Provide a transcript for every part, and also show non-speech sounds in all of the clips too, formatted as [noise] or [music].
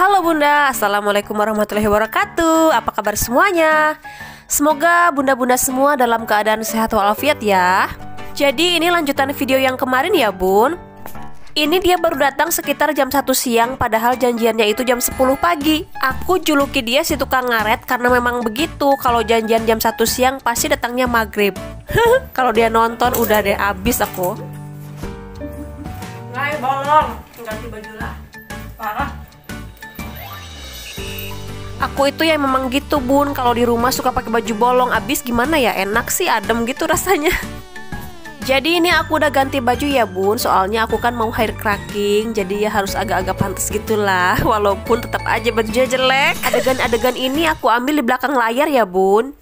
Halo Bunda, Assalamualaikum warahmatullahi wabarakatuh Apa kabar semuanya? Semoga bunda-bunda semua dalam keadaan sehat walafiat ya Jadi ini lanjutan video yang kemarin ya bun Ini dia baru datang sekitar jam 1 siang padahal janjiannya itu jam 10 pagi Aku juluki dia si tukang ngaret karena memang begitu Kalau janjian jam 1 siang pasti datangnya maghrib [laughs] Kalau dia nonton udah deh abis aku Ngai bolong, ganti baju lah Parah Aku itu yang memang gitu bun Kalau di rumah suka pakai baju bolong Abis gimana ya enak sih adem gitu rasanya jadi ini aku udah ganti baju ya bun Soalnya aku kan mau hair cracking Jadi ya harus agak-agak pantas gitulah [laughs] Walaupun tetap aja bajunya jelek Adegan-adegan ini aku ambil di belakang layar ya bun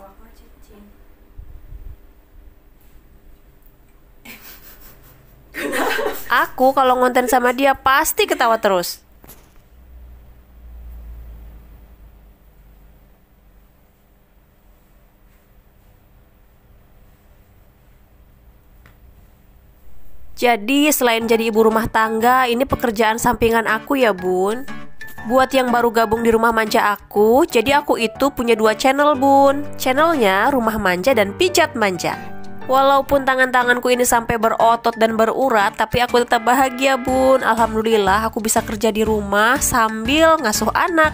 Thank you. Aku kalau ngonten sama dia pasti ketawa terus. Jadi selain jadi ibu rumah tangga, ini pekerjaan sampingan aku ya bun Buat yang baru gabung di Rumah Manja aku, jadi aku itu punya dua channel bun Channelnya Rumah Manja dan Pijat Manja Walaupun tangan-tanganku ini sampai berotot dan berurat, tapi aku tetap bahagia, Bun. Alhamdulillah, aku bisa kerja di rumah sambil ngasuh anak,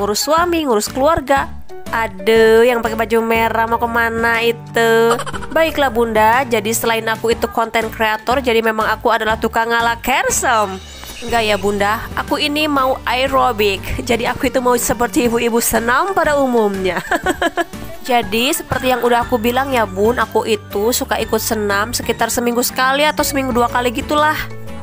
ngurus suami, ngurus keluarga. Aduh, yang pakai baju merah mau kemana itu? Baiklah bunda, jadi selain aku itu konten kreator, jadi memang aku adalah tukang ala kersom. Enggak ya bunda, aku ini mau aerobik Jadi aku itu mau seperti ibu-ibu senam pada umumnya [laughs] Jadi seperti yang udah aku bilang ya bun Aku itu suka ikut senam sekitar seminggu sekali atau seminggu dua kali gitulah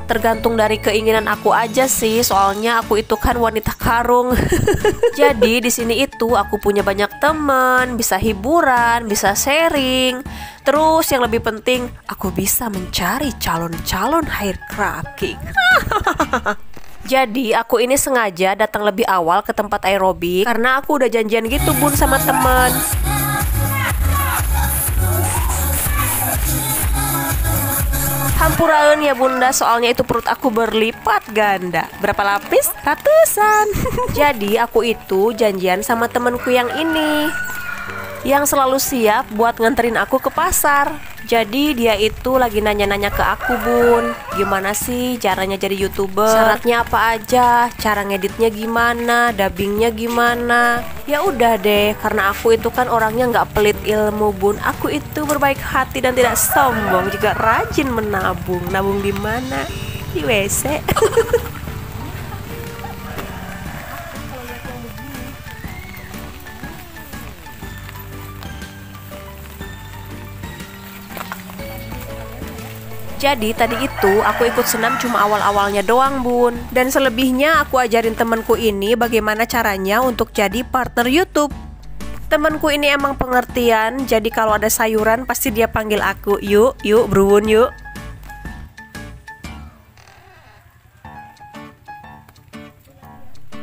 tergantung dari keinginan aku aja sih soalnya aku itu kan wanita karung [laughs] jadi di sini itu aku punya banyak temen bisa hiburan bisa sharing terus yang lebih penting aku bisa mencari calon-calon hair cracking. [laughs] Jadi aku ini sengaja datang lebih awal ke tempat aerobik karena aku udah janjian gitu bun sama temen Hampuraun ya bunda soalnya itu perut aku berlipat ganda Berapa lapis? Ratusan [laughs] Jadi aku itu janjian sama temenku yang ini yang selalu siap buat nganterin aku ke pasar. Jadi dia itu lagi nanya-nanya ke aku bun Gimana sih caranya jadi youtuber Syaratnya apa aja Cara ngeditnya gimana Dubbingnya gimana Ya udah deh Karena aku itu kan orangnya nggak pelit ilmu bun Aku itu berbaik hati dan tidak sombong Juga rajin menabung Nabung di mana? Di WC [laughs] Jadi tadi itu aku ikut senam cuma awal-awalnya doang bun Dan selebihnya aku ajarin temenku ini bagaimana caranya untuk jadi partner Youtube Temenku ini emang pengertian, jadi kalau ada sayuran pasti dia panggil aku, yuk, yuk, bruun, yuk.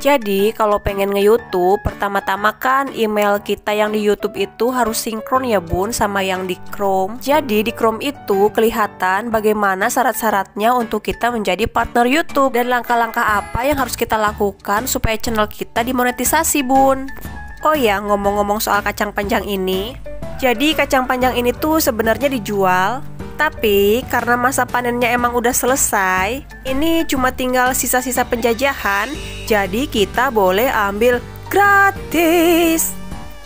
Jadi kalau pengen nge-youtube Pertama-tama kan email kita yang di youtube itu harus sinkron ya bun Sama yang di chrome Jadi di chrome itu kelihatan bagaimana syarat-syaratnya Untuk kita menjadi partner youtube Dan langkah-langkah apa yang harus kita lakukan Supaya channel kita dimonetisasi bun Oh ya, ngomong-ngomong soal kacang panjang ini, jadi kacang panjang ini tuh sebenarnya dijual tapi karena masa panennya emang udah selesai, ini cuma tinggal sisa-sisa penjajahan, jadi kita boleh ambil gratis.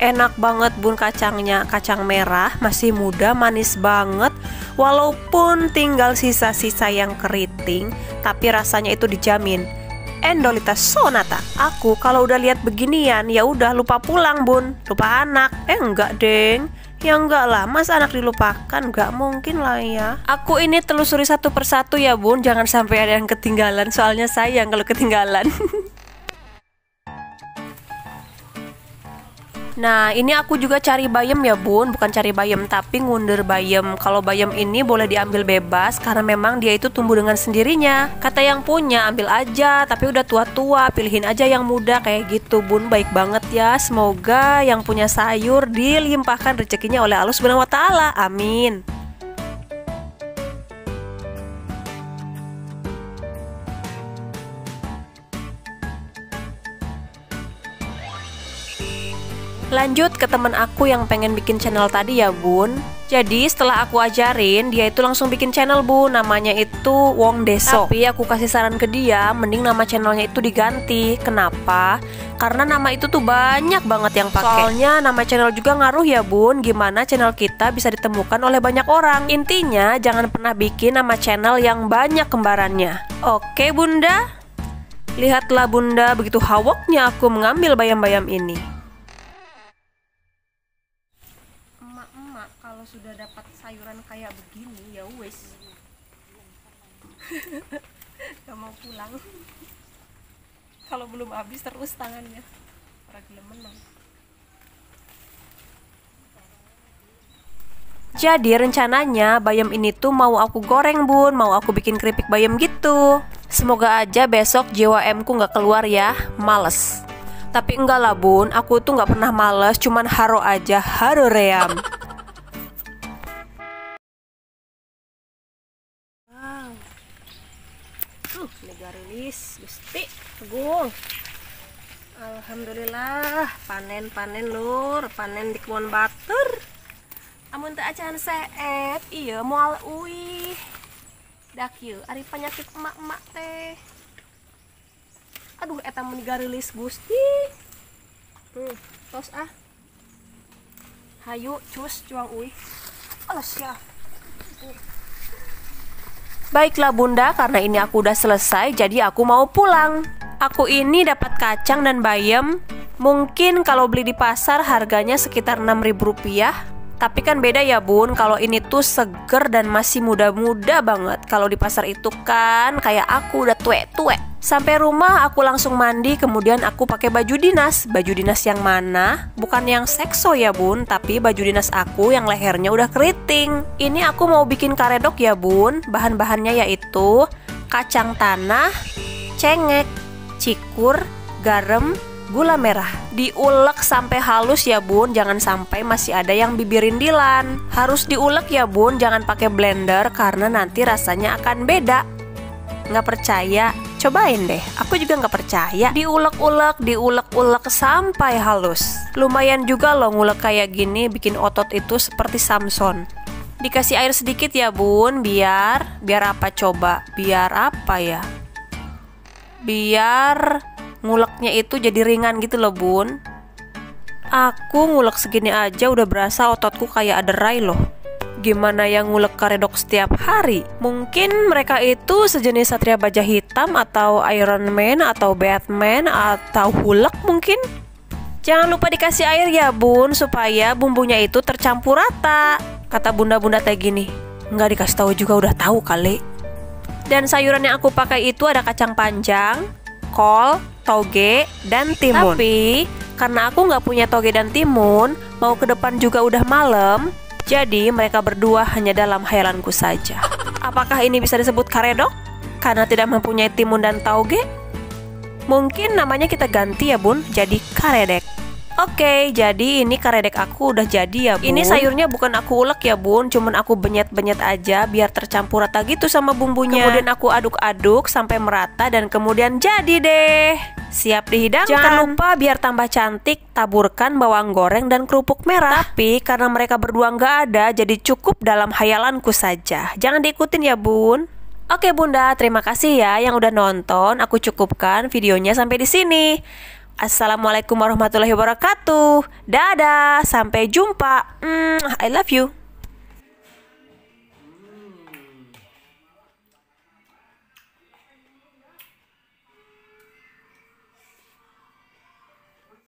Enak banget bun kacangnya, kacang merah masih muda manis banget Walaupun tinggal sisa-sisa yang keriting, tapi rasanya itu dijamin Endolita sonata. Aku kalau udah lihat beginian ya udah lupa pulang, Bun. Lupa anak. Eh enggak, Deng. Ya enggak lah, mas anak dilupakan, enggak mungkin lah ya Aku ini telusuri satu persatu ya bun, jangan sampai ada yang ketinggalan Soalnya sayang kalau ketinggalan [laughs] Nah, ini aku juga cari bayam ya, Bun. Bukan cari bayam, tapi ngunder bayam. Kalau bayam ini boleh diambil bebas karena memang dia itu tumbuh dengan sendirinya. Kata yang punya, ambil aja, tapi udah tua-tua, pilihin aja yang muda kayak gitu, Bun. Baik banget ya. Semoga yang punya sayur dilimpahkan rezekinya oleh Allah swt Amin. Lanjut ke temen aku yang pengen bikin channel tadi ya bun Jadi setelah aku ajarin dia itu langsung bikin channel bu, Namanya itu Wong Deso Tapi aku kasih saran ke dia mending nama channelnya itu diganti Kenapa? Karena nama itu tuh banyak banget yang pakai. Soalnya nama channel juga ngaruh ya bun Gimana channel kita bisa ditemukan oleh banyak orang Intinya jangan pernah bikin nama channel yang banyak kembarannya Oke bunda Lihatlah bunda begitu hawoknya aku mengambil bayam-bayam ini sudah dapat sayuran kayak begini ya wes [laughs] gak mau pulang [laughs] kalau belum habis terus tangannya para gila menang Jadi rencananya bayam ini tuh mau aku goreng bun, mau aku bikin keripik bayam gitu. Semoga aja besok JWM ku gak keluar ya, males. Tapi enggak lah bun, aku tuh gak pernah males, cuman haro aja, haro ream. guys Gusti Agung Alhamdulillah panen-panen lur panen di kebun batur amun tak acan seet iya mual ui dak hari iya, ari penyakit emak-emak teh aduh eta mun digarilis Gusti hmm tos ah hayu cus cuang ui alas ya uh. Baiklah bunda, karena ini aku udah selesai, jadi aku mau pulang. Aku ini dapat kacang dan bayam. Mungkin kalau beli di pasar harganya sekitar 6.000 rupiah. Tapi kan beda ya bun, kalau ini tuh seger dan masih muda-muda banget. Kalau di pasar itu kan kayak aku udah tuek-tuek. Sampai rumah aku langsung mandi kemudian aku pakai baju dinas Baju dinas yang mana? Bukan yang sekso ya bun Tapi baju dinas aku yang lehernya udah keriting Ini aku mau bikin karedok ya bun Bahan-bahannya yaitu Kacang tanah Cengek Cikur Garam Gula merah Diulek sampai halus ya bun Jangan sampai masih ada yang bibir rindilan Harus diulek ya bun Jangan pakai blender Karena nanti rasanya akan beda Nggak percaya Cobain deh, aku juga nggak percaya. Diulek-ulek, diulek-ulek sampai halus. Lumayan juga loh ngulek kayak gini bikin otot itu seperti Samson. Dikasih air sedikit ya bun, biar biar apa coba? Biar apa ya? Biar nguleknya itu jadi ringan gitu loh bun. Aku ngulek segini aja udah berasa ototku kayak ada rai loh gimana yang ngulek karedok setiap hari. Mungkin mereka itu sejenis satria baja hitam atau Iron Man atau Batman atau Hulk mungkin. Jangan lupa dikasih air ya bun supaya bumbunya itu tercampur rata. Kata bunda-bunda teh gini. Nggak dikasih tahu juga udah tahu kali. Dan sayuran yang aku pakai itu ada kacang panjang, kol, toge, dan timun. Tapi karena aku nggak punya toge dan timun, mau ke depan juga udah malam, jadi mereka berdua hanya dalam hayalanku saja. Apakah ini bisa disebut karedok? Karena tidak mempunyai timun dan tauge? Mungkin namanya kita ganti ya bun, jadi karedek. Oke, jadi ini karedek aku udah jadi ya bun Ini sayurnya bukan aku ulek ya bun Cuman aku benyet-benyet aja biar tercampur rata gitu sama bumbunya Kemudian aku aduk-aduk sampai merata dan kemudian jadi deh siap dihidangkan. Jangan lupa biar tambah cantik, taburkan bawang goreng dan kerupuk merah. Tapi karena mereka berdua nggak ada, jadi cukup dalam hayalanku saja. Jangan diikutin ya bun. Oke bunda, terima kasih ya yang udah nonton. Aku cukupkan videonya sampai di sini. Assalamualaikum warahmatullahi wabarakatuh. Dadah, sampai jumpa. Mm, I love you.